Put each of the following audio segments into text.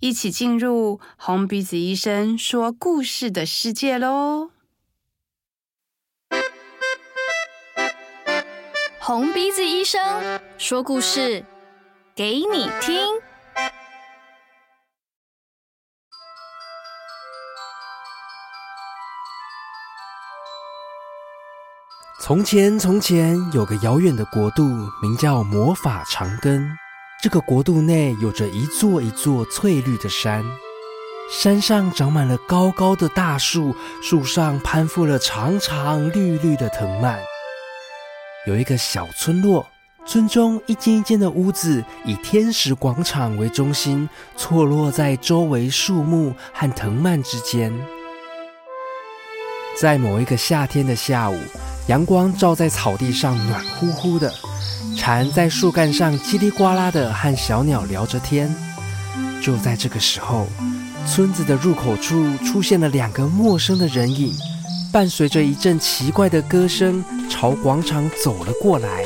一起進入紅鼻子醫生說故事的世界嘍！紅鼻子醫生說故事給你聽。從前，從前有個遙遠的國度，名叫魔法長根。這個國度內有着一座一座翠綠的山，山上長滿了高高的大樹，樹上攀附了長長綠綠的藤蔓。有一個小村落，村中一間一間的屋子以天使廣場為中心，錯落在周圍樹木和藤蔓之間。在某一個夏天的下午，陽光照在草地上，暖乎乎的。蟬在樹幹上嘰里呱啦的和小鳥聊着天。就在這個時候，村子的入口處出現了兩個陌生的人影，伴隨着一陣奇怪的歌聲，朝廣場走了過來。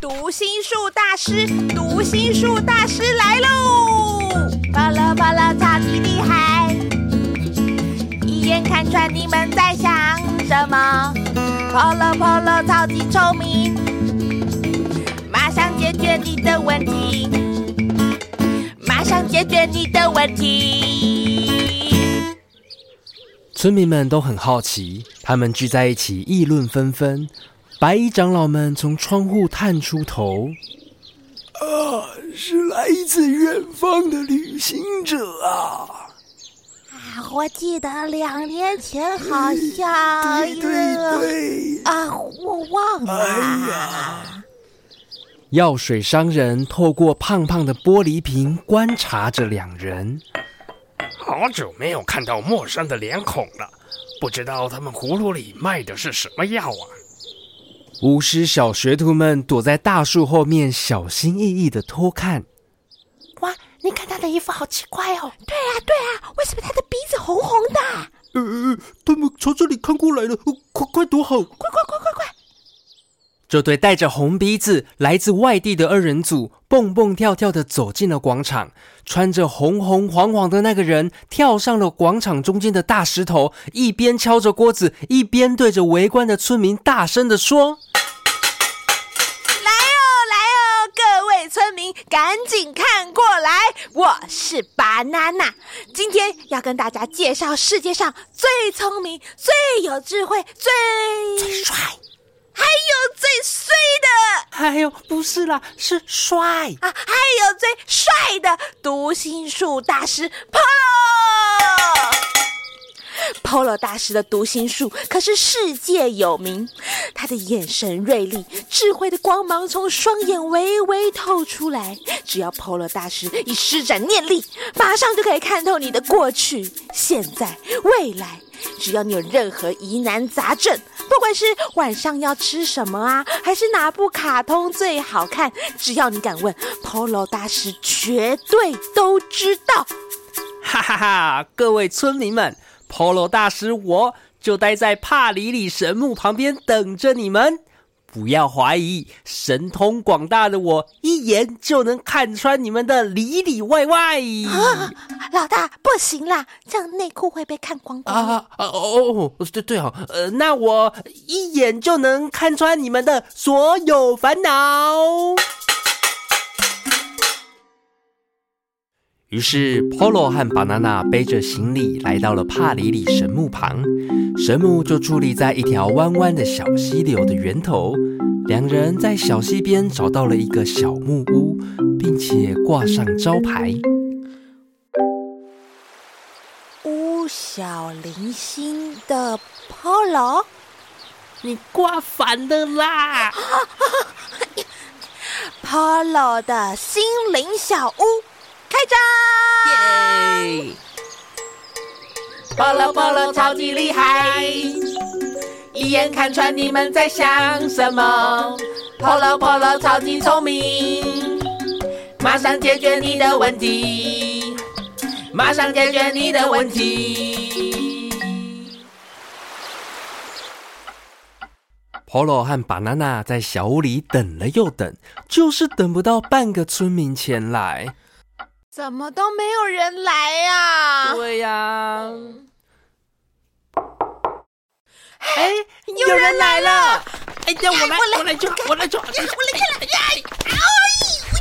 讀心術大師，讀心術大師來嘍！巴拉巴拉超級厲害，一眼看穿你們在想什麼。Polo Polo 超級聰明，馬上解決你的問題，馬上解決你的問題。村民們都很好奇，他們聚在一起議論紛紛。白衣長老們從窗戶探出頭：“啊，是來自遠方的旅行者啊！”我記得兩年前好像，嗯，對對，對，啊，我忘了。哎呀，藥水商人透過胖胖的玻璃瓶觀察着兩人。好久沒有看到陌生的臉孔了，不知道他們葫蘆裡賣的是什麼藥啊？巫師小學徒們躲在大樹後面，小心翼翼的偷看。你看他的衣服好奇怪哦！對啊，對啊，為什麼他的鼻子紅紅的？呃呃呃，他們朝這裡看過來了，呃、快快躲好！快快快快快！這對帶着紅鼻子來自外地的二人組，蹦蹦跳跳的走進了廣場。穿着紅紅黃黃的那個人跳上了廣場中間的大石頭，一邊敲着鍋子，一邊對着圍觀的村民大聲的說。 趕緊看過來！我是巴娜娜，今天要跟大家介紹世界上最聰明、最有智慧、最最帥，還有最衰的。還有、哎喲、不是啦，是帥啊！還有最帥的讀心術大師，POLO！Polo 大師的讀心術可是世界有名，他的眼神銳利，智慧的光芒從雙眼微微透出來。只要 Polo 大師一施展念力，馬上就可以看透你的過去、現在、未來。只要你有任何疑難雜症，不管是晚上要吃什麼啊，還是哪部卡通最好看，只要你敢問 Polo 大師，絕對都知道。哈哈哈哈，各位村民們。Polo 大師，我就待在帕里里神木旁邊等着你們。不要懷疑，神通廣大的我一眼就能看穿你們的裡裡外外。啊，老大，不行啦，這樣內褲會被看光光。啊啊哦哦，對對好、啊、呃，那我一眼就能看穿你們的所有煩惱。於是，Polo 和 Banana 背着行李來到了帕里里神木旁。神木就矗立在一條彎彎的小溪流的源頭。兩人在小溪邊找到了一個小木屋，並且掛上招牌。屋小零星的 Polo，你掛反了啦！Polo 的心靈小屋。拍照耶，波羅波羅超級厲害，一眼看穿你們在想什麼。波羅波羅超級聰明，馬上解決你的問題，馬上解決你的問題。Polo 和芭娜娜在小屋裡等了又等，就是等不到半個村民前來。怎麼都沒有人來呀？對呀。哎，有人來了！哎，我來，我來抓，我來抓，我來我來呀，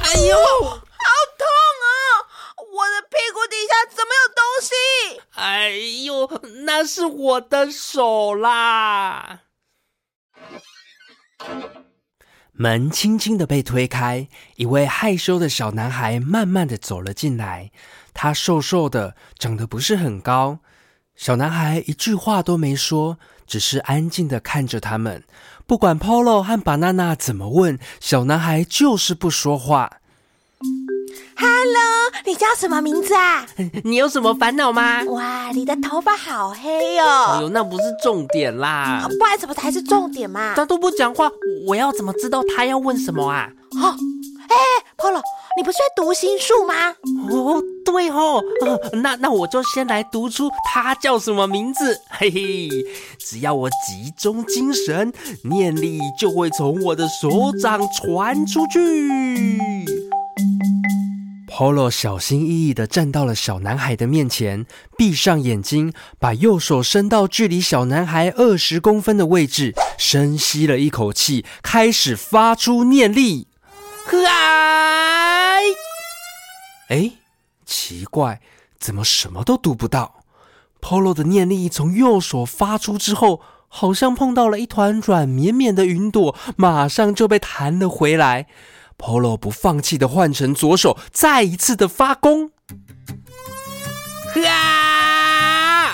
哎呦，好痛啊！我的屁股底下怎麼有東西？哎呦，那是我的手啦！門輕輕地被推開，一位害羞的小男孩慢慢地走了進來。他瘦瘦的，長得不是很高。小男孩一句話都沒說，只是安靜地看着他們。不管 POLO 和芭娜娜怎麼問，小男孩就是不說話。Hello，你叫什麼名字啊？你有什麼煩惱嗎？哇，你的頭髮好黑哦。哎呦，那不是重點啦。嗯、不然怎麼才是重點嘛？嗯、他都不講話，我要怎麼知道他要問什麼啊？哦，哎、欸，Polo，你不是在讀心術嗎？哦，對哦，呃、那那我就先來讀出他叫什麼名字。嘿嘿，只要我集中精神，念力就會從我的手掌傳出去。Polo 小心翼翼地站到了小男孩的面前，閉上眼睛，把右手伸到距離小男孩二十公分的位置，深吸了一口氣，開始發出念力。嘿，哎，奇怪，怎麼什麼都讀不到？Polo 的念力從右手發出之後，好像碰到了一團軟綿綿的雲朵，馬上就被彈了回來。Polo 不放棄地換成左手，再一次的發功。啊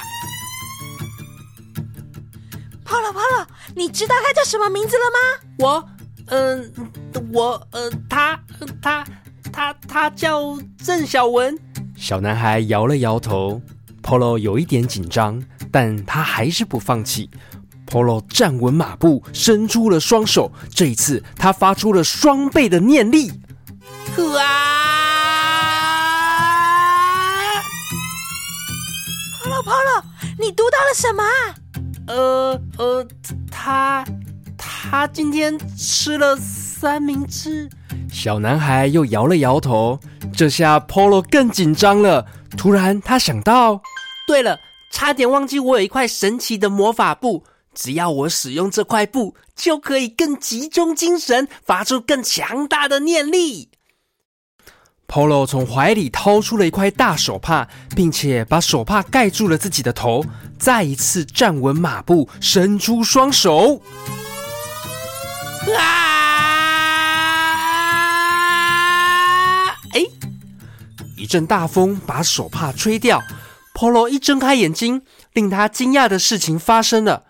！Polo，Polo，你知道他叫什麼名字了嗎？我，嗯、呃，我，呃，他，他，他，他叫鄭小文。小男孩搖了搖頭。Polo 有一點緊張，但他還是不放棄。Polo 站穩馬步，伸出了雙手。這一次，他發出了雙倍的念力。哇！Polo，Polo，你讀到了什麼？呃呃，他他今天吃了三明治。小男孩又搖了搖頭。這下 Polo 更緊張了。突然，他想到，對了，差點忘記，我有一塊神奇的魔法布。只要我使用這塊布，就可以更集中精神，發出更強大的念力。Polo 從懷裡掏出了一塊大手帕，並且把手帕蓋住了自己的頭，再一次站穩馬步，伸出雙手。啊！哎，一陣大風把手帕吹掉，Polo 一睜開眼睛，令他驚訝的事情發生了。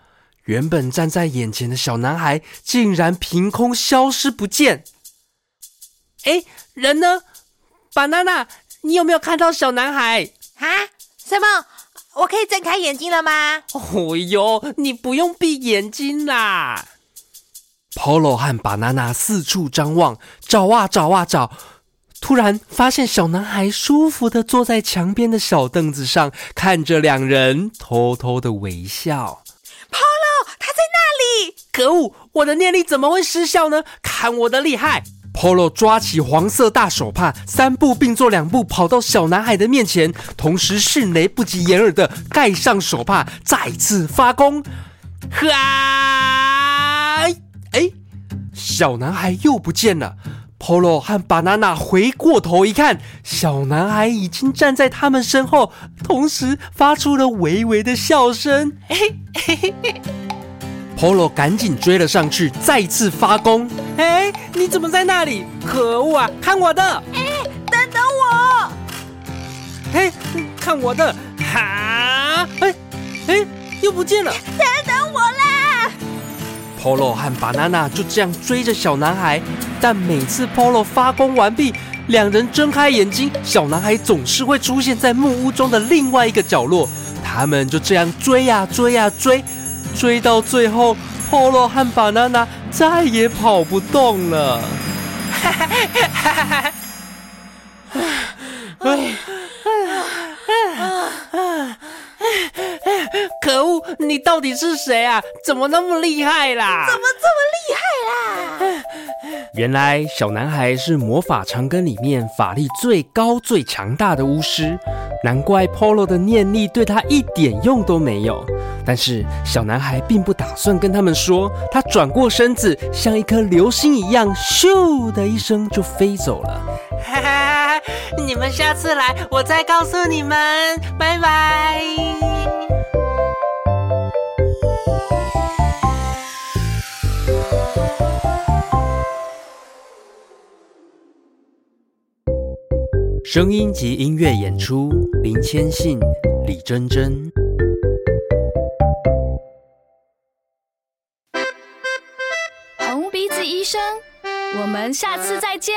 原本站在眼前的小男孩，竟然憑空消失不見。哎，人呢？巴娜娜，你有沒有看到小男孩？啊？師傅，我可以睜開眼睛了嗎？哦喲，你不用閉眼睛啦。Polo 和 Banana 四處張望，找啊找啊找，突然發現小男孩舒服地坐在牆邊的小凳子上，看着兩人偷偷地微笑。可惡！我的念力怎麼會失效呢？看我的厲害！Polo 抓起黃色大手帕，三步併作兩步跑到小男孩的面前，同時迅雷不及掩耳的蓋上手帕，再次發功。嗨、啊！哎，小男孩又不見了。Polo 和巴拿 a 回過頭一看，小男孩已經站在他們身後，同時發出了微微的笑聲。 Polo 趕緊追了上去，再次發功。哎，你怎麼在那裡？可惡啊！看我的！哎，等等我！哎，看我的！哈！哎，哎，又不見了！等等我啦！Polo 和 Banana 就這樣追着小男孩，但每次 Polo 發功完畢，兩人睜開眼睛，小男孩總是會出現在木屋中的另外一個角落。他們就這樣追呀、啊、追呀、啊、追。追到最後，Polo 和 Banana 再也跑不動了。哈哈哈哈！哎，哎，哎，哎，哎，可惡！你到底是誰啊？怎麼那麼厲害啦？怎麼這麼厲害啦？原來小男孩是魔法長根裡面法力最高、最強大的巫師，難怪 Polo 的念力對他一點用都沒有。但是小男孩並不打算跟他們說，他轉過身子，像一顆流星一樣，咻的一聲就飛走了。哈哈，你們下次來，我再告訴你們。拜拜。聲音及音樂演出：林謙信、李錚錚。醫生，我們下次再見。